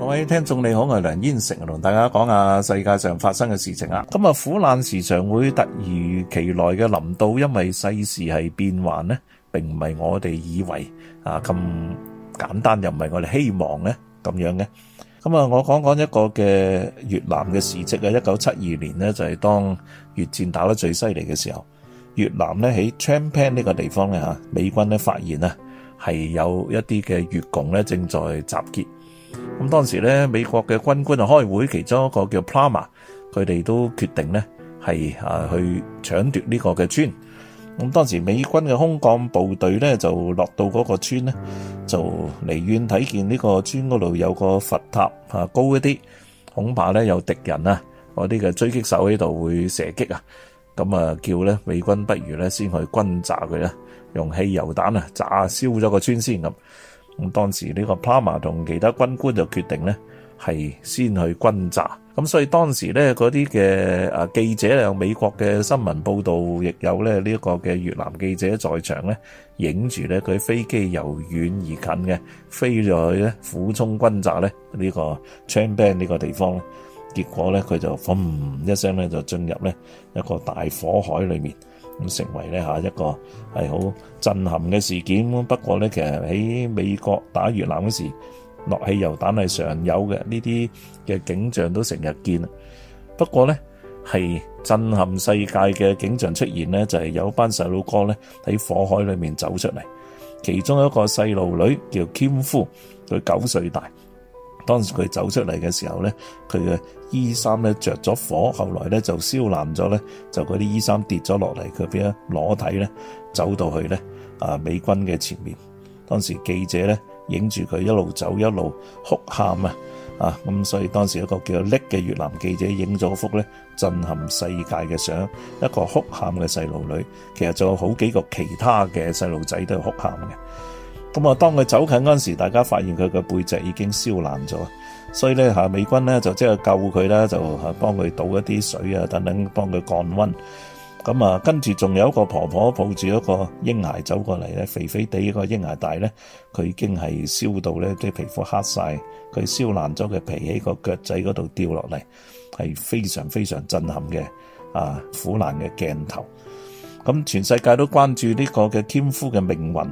各位聽眾你好，我係梁燕成啊，同大家講下世界上發生嘅事情啊。咁啊，苦難時常會突如其來嘅臨到，因為世事係變幻咧，並唔係我哋以為啊咁簡單，又唔係我哋希望咧咁樣嘅。咁啊，我講講一個嘅越南嘅事跡啊，一九七二年咧就係當越戰打得最犀利嘅時候，越南咧喺 Champaign 呢個地方咧吓，美軍咧發現啊係有一啲嘅越共咧正在集結。咁當時咧，美國嘅軍官啊開會，其中一個叫 p l a m m 佢哋都決定咧係啊去搶奪呢個嘅村。咁當時美軍嘅空降部隊咧就落到嗰個村咧，就離遠睇見呢個村嗰度有個佛塔啊高一啲，恐怕咧有敵人啊嗰啲嘅追擊手喺度會射擊啊，咁啊叫咧美軍不如咧先去轟炸佢啦，用汽油彈啊炸燒咗個村先咁。咁當時呢個 Plummer 同其他軍官就決定咧，係先去轟炸。咁所以當時咧嗰啲嘅啊記者有美國嘅新聞報導，亦有咧呢一、這個嘅越南記者在場咧，影住咧佢飛機由遠而近嘅飛咗去咧，俯衝轟炸咧呢、這個 Chambang 呢個地方，結果咧佢就嘣一聲咧就進入咧一個大火海裡面。咁成為咧嚇一個係好震撼嘅事件。不過咧，其實喺美國打越南嗰時落汽油彈係常有嘅，呢啲嘅景象都成日見。不過咧係震撼世界嘅景象出現咧，就係有班細路哥咧喺火海裏面走出嚟，其中一個細路女叫 Kim Phuc，佢九歲大。當時佢走出嚟嘅時候呢，佢嘅衣衫呢，着咗火，後來呢就燒爛咗呢，就嗰啲衣衫跌咗落嚟，佢變咗裸體呢，走到去呢，啊美軍嘅前面。當時記者呢，影住佢一路走一路哭喊啊，啊咁所以當時一個叫叻嘅越南記者影咗幅呢震撼世界嘅相，一個哭喊嘅細路女，其實仲有好幾個其他嘅細路仔都係哭喊嘅。咁啊，當佢走近嗰時，大家發現佢嘅背脊已經燒爛咗，所以咧吓美軍咧就即係救佢啦，就吓幫佢倒一啲水啊等等，幫佢降温。咁啊，跟住仲有一個婆婆抱住一個嬰孩走過嚟咧，肥肥地一個嬰孩大咧，佢已經係燒到咧啲皮膚黑晒，佢燒爛咗嘅皮喺個腳仔嗰度掉落嚟，係非常非常震撼嘅啊苦難嘅鏡頭。咁全世界都關注呢個嘅金福嘅命運。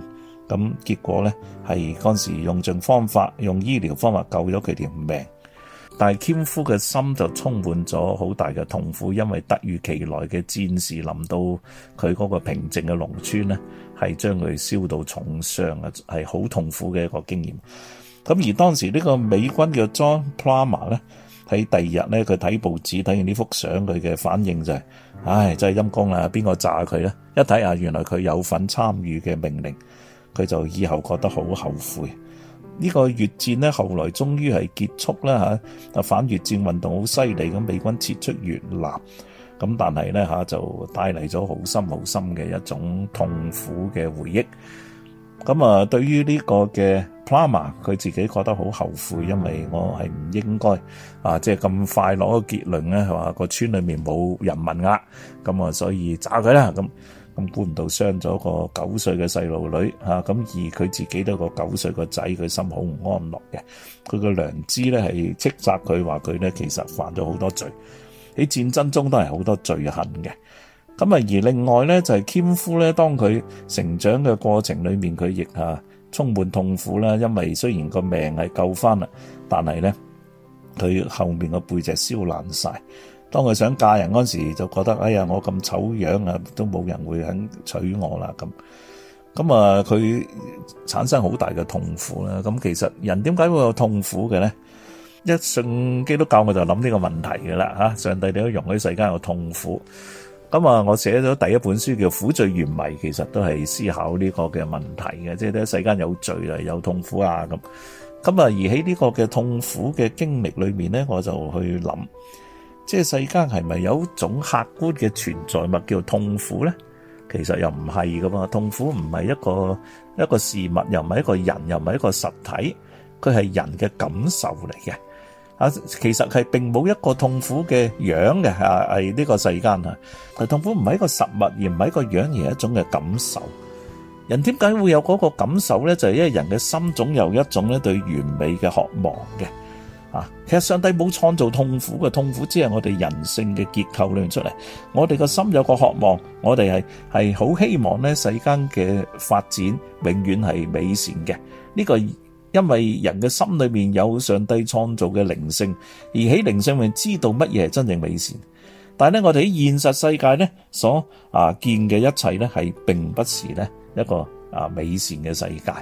咁結果呢，係嗰陣時用盡方法，用醫療方法救咗佢條命。但係謙夫嘅心就充滿咗好大嘅痛苦，因為突如其來嘅戰事，臨到佢嗰個平靜嘅農村呢，係將佢燒到重傷啊，係好痛苦嘅一個經驗。咁而當時呢個美軍嘅 John Plummer 喺第二日呢，佢睇報紙睇完呢幅相，佢嘅反應就係、是：，唉，真係陰功啦，邊個炸佢呢？一睇下，原來佢有份參與嘅命令。佢就以後覺得好後悔。呢、這個越戰呢，後來終於係結束啦嚇啊，反越戰運動好犀利，咁美軍撤出越南。咁但係呢嚇，就帶嚟咗好深好深嘅一種痛苦嘅回憶。咁啊，對於呢個嘅 Plummer，佢自己覺得好後悔，因為我係唔應該啊，即係咁快攞個結論呢，係話個村裏面冇人民啊。咁啊，所以炸佢啦咁。咁估唔到傷咗個九歲嘅細路女，吓咁而佢自己都個九歲個仔，佢心好唔安樂嘅，佢個良知咧，係斥責佢話佢咧，其實犯咗好多罪，喺戰爭中都係好多罪行嘅。咁啊，而另外咧，就係金福咧，oo, 當佢成長嘅過程裏面，佢亦啊充滿痛苦啦，因為雖然個命係救翻啦，但係咧，佢後面個背脊燒爛晒。當佢想嫁人嗰時，就覺得哎呀，我咁醜樣啊，都冇人會肯娶我啦。咁咁啊，佢產生好大嘅痛苦啦。咁其實人點解會有痛苦嘅咧？一信基督教，我就諗呢個問題嘅啦。吓，上帝你都容許世間有痛苦？咁啊，我寫咗第一本書叫《苦罪原迷》，其實都係思考呢個嘅問題嘅，即係咧世間有罪啊，有痛苦啊咁。咁啊，而喺呢個嘅痛苦嘅經歷裏面咧，我就去諗。即係世間係咪有一種客觀嘅存在物叫痛苦咧？其實又唔係噶嘛，痛苦唔係一個一個事物，又唔係一個人，又唔係一個實體，佢係人嘅感受嚟嘅。啊，其實係並冇一個痛苦嘅樣嘅啊，係呢個世間啊，係痛苦唔係一個實物，而唔係一個樣，而係一種嘅感受。人點解會有嗰個感受咧？就係因為人嘅心總有一種咧對完美嘅渴望嘅。啊！其實上帝冇創造痛苦，嘅痛苦只係我哋人性嘅結構裏面出嚟。我哋個心有個渴望，我哋係係好希望咧世間嘅發展永遠係美善嘅。呢個因為人嘅心裏面有上帝創造嘅靈性，而喺靈性裏面知道乜嘢係真正美善。但係咧，我哋喺現實世界咧所啊見嘅一切咧係並不是咧一個啊美善嘅世界。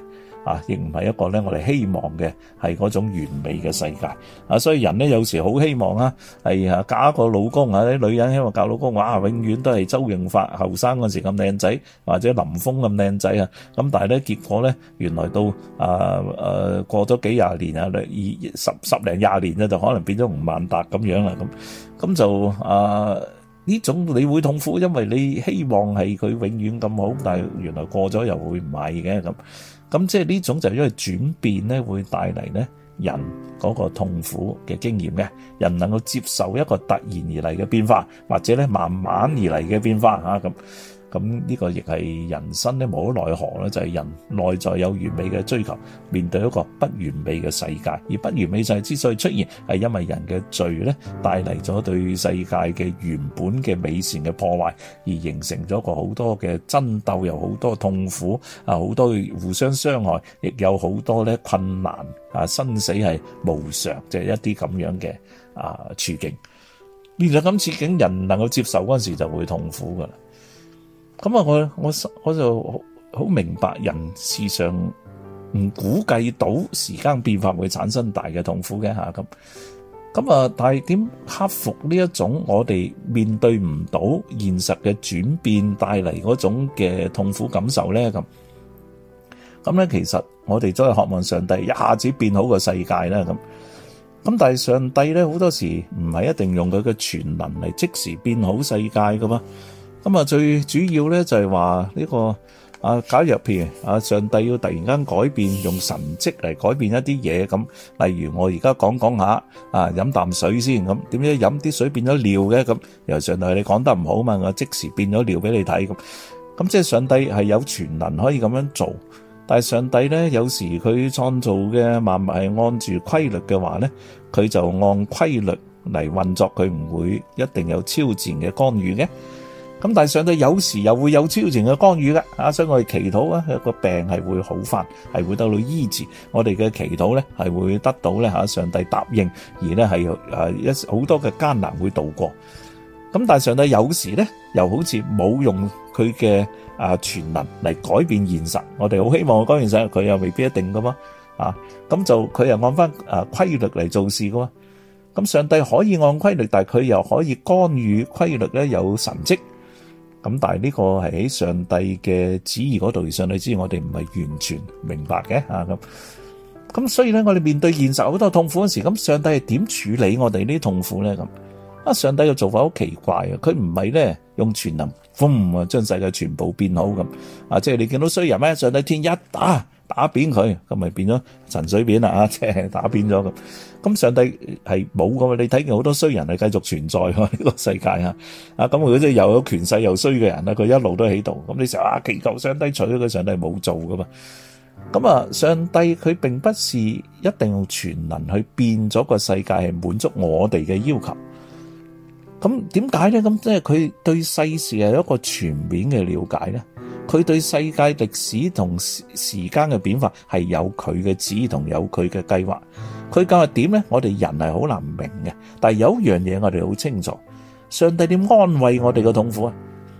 啊，亦唔係一個咧，我哋希望嘅係嗰種完美嘅世界啊，所以人咧有時好希望啊，係啊嫁一個老公啊，啲女人希望嫁老公，哇，永遠都係周潤發後生嗰時咁靚仔，或者林峰咁靚仔啊。咁但係咧結果咧，原來到啊啊過咗幾廿年啊，啊十年十十二十十零廿年咧就可能變咗吳萬達咁樣啦。咁咁就啊呢種你會痛苦，因為你希望係佢永遠咁好，但係原來過咗又會唔係嘅咁。咁即係呢種就因為轉變咧，會帶嚟咧人嗰個痛苦嘅經驗嘅，人能夠接受一個突然而嚟嘅變化，或者咧慢慢而嚟嘅變化嚇咁。咁呢個亦係人生咧，無可奈何呢，就係、是、人內在有完美嘅追求，面對一個不完美嘅世界，而不完美就係之所以出現係因為人嘅罪咧帶嚟咗對世界嘅原本嘅美善嘅破壞，而形成咗個好多嘅爭鬥，又好多痛苦啊，好多互相傷害，亦有好多咧困難啊，生死係無常，就係、是、一啲咁樣嘅啊處境。面對咁處境，人能夠接受嗰陣時就會痛苦噶啦。咁啊，我我我就好好明白，人事上唔估計到時間變化會產生大嘅痛苦嘅吓，咁咁啊，但係點克服呢一種我哋面對唔到現實嘅轉變帶嚟嗰種嘅痛苦感受咧？咁咁咧，其實我哋都係渴望上帝一下子變好個世界啦，咁咁但係上帝咧，好多時唔係一定用佢嘅全能嚟即時變好世界㗎嘛。咁啊，最主要咧就係話呢個啊，假如譬如啊，上帝要突然間改變，用神跡嚟改變一啲嘢咁。例如我而家講講下啊，飲啖水先咁。點解飲啲水變咗尿嘅咁？由上帝你講得唔好嘛，我即時變咗尿俾你睇咁。咁即係上帝係有全能可以咁樣做，但係上帝咧有時佢創造嘅萬物係按住規律嘅話咧，佢就按規律嚟運作，佢唔會一定有超自然嘅干預嘅。咁但係上帝有時又會有超前嘅干預嘅啊，所以我哋祈禱啊，個病係會好翻，係會得到醫治。我哋嘅祈禱咧係會得到咧上帝答應，而咧係誒一好多嘅艱難會度過。咁但係上帝有時咧又好似冇用佢嘅啊全能嚟改變現實。我哋好希望改變上，佢又未必一定噶嘛啊。咁就佢又按翻啊規律嚟做事噶嘛。咁上帝可以按規律，但係佢又可以干預規律咧，有神跡。咁但係呢個係喺上帝嘅旨意嗰度，而上帝之意我哋唔係完全明白嘅吓咁。咁所以咧，我哋面對現實好多痛苦嘅時候，咁上帝係點處理我哋呢啲痛苦咧？咁啊，上帝嘅做法好奇怪啊！佢唔係咧用全能，嗯啊，將世界全部變好咁啊，即係你見到衰人咧，上帝天一打。打扁佢，咁咪變咗陳水扁啦啊！即係打扁咗咁。咁上帝係冇噶嘛？你睇見好多衰人係繼續存在呢個世界啊！啊咁，如果即係又有權勢又衰嘅人咧，佢一路都喺度。咁你成日啊祈求上帝除咗佢，上帝冇做噶嘛？咁啊，上帝佢並不是一定用全能去變咗個世界，係滿足我哋嘅要求。咁點解咧？咁即係佢對世事係有一個全面嘅了解咧。佢對世界歷史同時間嘅變化係有佢嘅旨意同有佢嘅計劃。佢教係點咧？我哋人係好難明嘅。但係有一樣嘢我哋好清楚，上帝點安慰我哋嘅痛苦啊？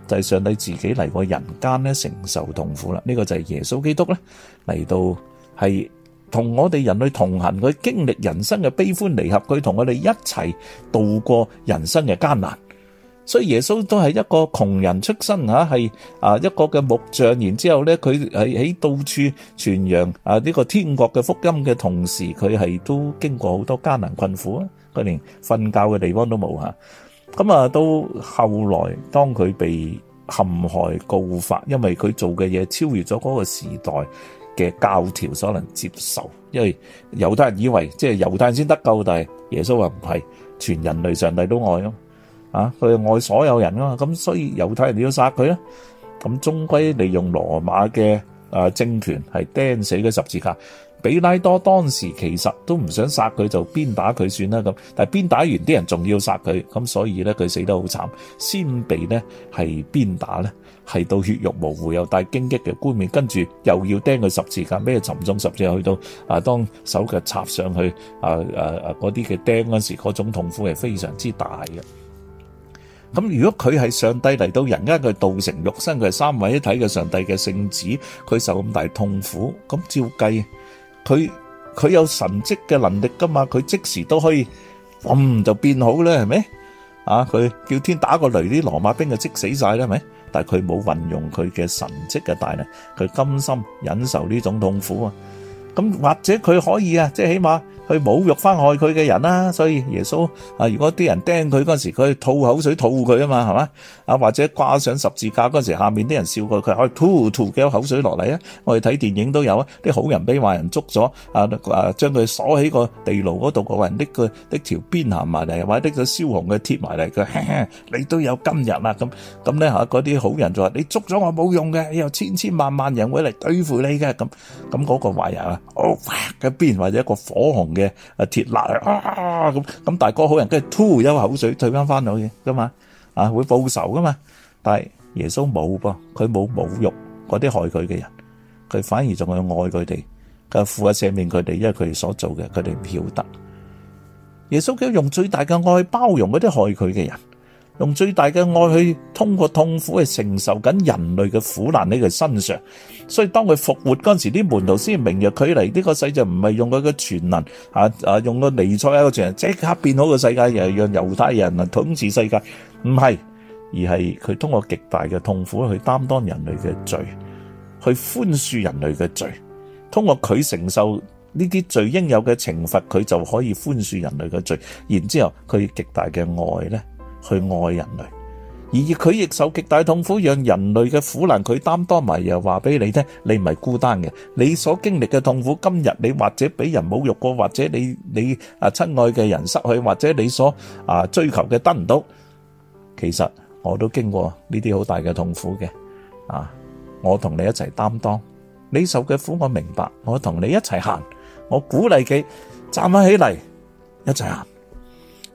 就係、是、上帝自己嚟過人間咧，承受痛苦啦。呢、這個就係耶穌基督咧嚟到係。同我哋人類同行，佢經歷人生嘅悲歡離合，佢同我哋一齊度過人生嘅艱難。所以耶穌都係一個窮人出身吓，係啊，一個嘅木匠，然之後咧佢係喺到處傳揚啊呢個天國嘅福音嘅同時，佢係都經過好多艱難困苦啊！佢連瞓覺嘅地方都冇吓。咁啊，到後來當佢被陷害告發，因為佢做嘅嘢超越咗嗰個時代。嘅教條所能接受，因為猶太人以為即係猶太人先得救，但係耶穌話唔係，全人類上帝都愛咯，啊，佢愛所有人啊嘛，咁所以猶太人要殺佢啊，咁終歸利用羅馬嘅啊政權係釘死咗十字架。比拉多當時其實都唔想殺佢，就鞭打佢算啦咁。但係鞭打完啲人仲要殺佢，咁所以咧佢死得好慘。先被呢係鞭打咧，係到血肉模糊又帶荊棘嘅冠冕，跟住又要釘佢十字架，咩沉重十字架去到啊？當手腳插上去啊啊啊嗰啲嘅釘嗰時候，嗰種痛苦係非常之大嘅。咁如果佢係上帝嚟到人家佢道成肉身，佢係三位一體嘅上帝嘅聖子，佢受咁大痛苦，咁照計。佢佢有神蹟嘅能力噶嘛？佢即時都可以咁就變好啦，係咪？啊，佢叫天打個雷，啲羅馬兵就即死晒啦，係咪？但係佢冇運用佢嘅神蹟嘅大能，佢甘心忍受呢種痛苦啊！咁或者佢可以啊，即係起碼去侮辱翻害佢嘅人啦。所以耶穌啊，如果啲人釘佢嗰時，佢會吐口水吐佢啊嘛，係嘛啊？或者掛上十字架嗰時，下面啲人笑佢，佢吐吐幾多口水落嚟啊？我哋睇電影都有啊，啲好人俾壞人捉咗啊，嚇將佢鎖喺個地牢嗰度，個壞人拎佢拎條鞭行埋嚟，或者拎個燒紅嘅鐵埋嚟，佢，你都有今日啦咁咁咧嚇嗰啲好人就話：你捉咗我冇用嘅，又千千萬萬人會嚟對付你嘅咁咁嗰個壞人啊！哦，嘩，一邊或者一個火紅嘅啊鐵辣啊咁咁大哥好人跟住吐一口水退翻翻去嘅㗎嘛，啊會報仇噶嘛，但係耶穌冇噃，佢冇侮辱嗰啲害佢嘅人，佢反而仲去愛佢哋，佢負喺赦免佢哋，因為佢哋所做嘅佢哋唔曉得，耶穌佢用最大嘅愛去包容嗰啲害佢嘅人。用最大嘅愛去通過痛苦去承受緊人類嘅苦難喺佢、這個、身上，所以當佢復活嗰陣時，啲門徒先明若佢嚟呢個世就唔係用佢嘅全能啊，啊，用個尼賽一個全能即刻變好個世界，又係讓猶太人能統治世界，唔係而係佢通過極大嘅痛苦去擔當人類嘅罪，去寬恕人類嘅罪。通過佢承受呢啲罪應有嘅懲罰，佢就可以寬恕人類嘅罪。然之後佢極大嘅愛咧。去愛人類，而佢亦受極大痛苦，讓人類嘅苦難佢擔當埋，又話俾你聽，你唔係孤單嘅，你所經歷嘅痛苦，今日你或者俾人侮辱過，或者你你啊親愛嘅人失去，或者你所啊追求嘅得唔到，其實我都經過呢啲好大嘅痛苦嘅，啊，我同你一齊擔當，你受嘅苦我明白，我同你一齊行，我鼓勵佢站翻起嚟，一齊行。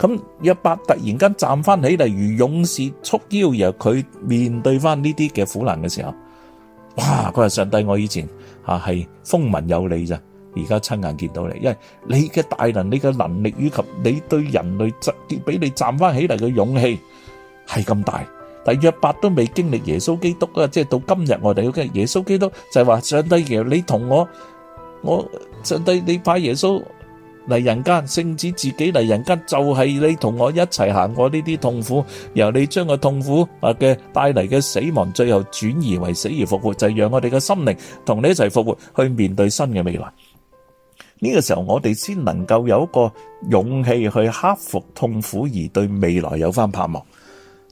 咁約伯突然間站翻起嚟，如勇士束腰，然後佢面對翻呢啲嘅苦難嘅時候，哇！佢話上帝，我以前吓係風聞有你咋，而家親眼見到你，因為你嘅大能、你嘅能力以及你對人類直接俾你站翻起嚟嘅勇氣係咁大，但約伯都未經歷耶穌基督啊！即係到今日我哋要跟耶穌基督就係話，上帝爺，你同我，我上帝，你派耶穌。嚟人間，聖子自己嚟人間，就係你同我一齊行過呢啲痛苦，由你將個痛苦啊嘅帶嚟嘅死亡，最後轉移為死而復活，就係讓我哋嘅心靈同你一齊復活，去面對新嘅未來。呢個時候，我哋先能夠有一個勇氣去克服痛苦，而對未來有翻盼望。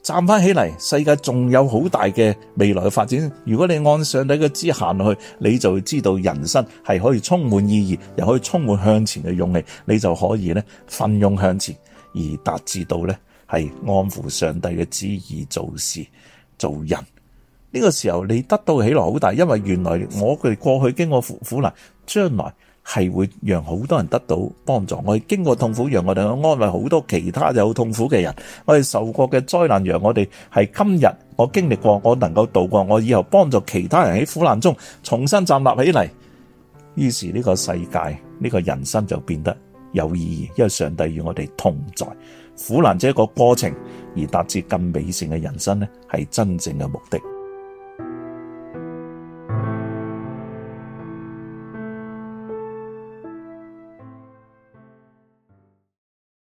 站翻起嚟，世界仲有好大嘅未來發展。如果你按上帝嘅旨行落去，你就會知道人生係可以充滿意義，又可以充滿向前嘅勇氣。你就可以咧奮勇向前，而達至到咧係安撫上帝嘅旨意，做事做人。呢、這個時候你得到起來好大，因為原來我哋過去經過苦苦難，將來。係會讓好多人得到幫助，我哋經過痛苦，讓我哋去安慰好多其他有痛苦嘅人，我哋受過嘅災難，讓我哋係今日我經歷過，我能夠度過，我以後幫助其他人喺苦難中重新站立起嚟。於是呢個世界，呢個人生就變得有意義，因為上帝與我哋同在，苦難只係一個過程，而達至更美善嘅人生呢，係真正嘅目的。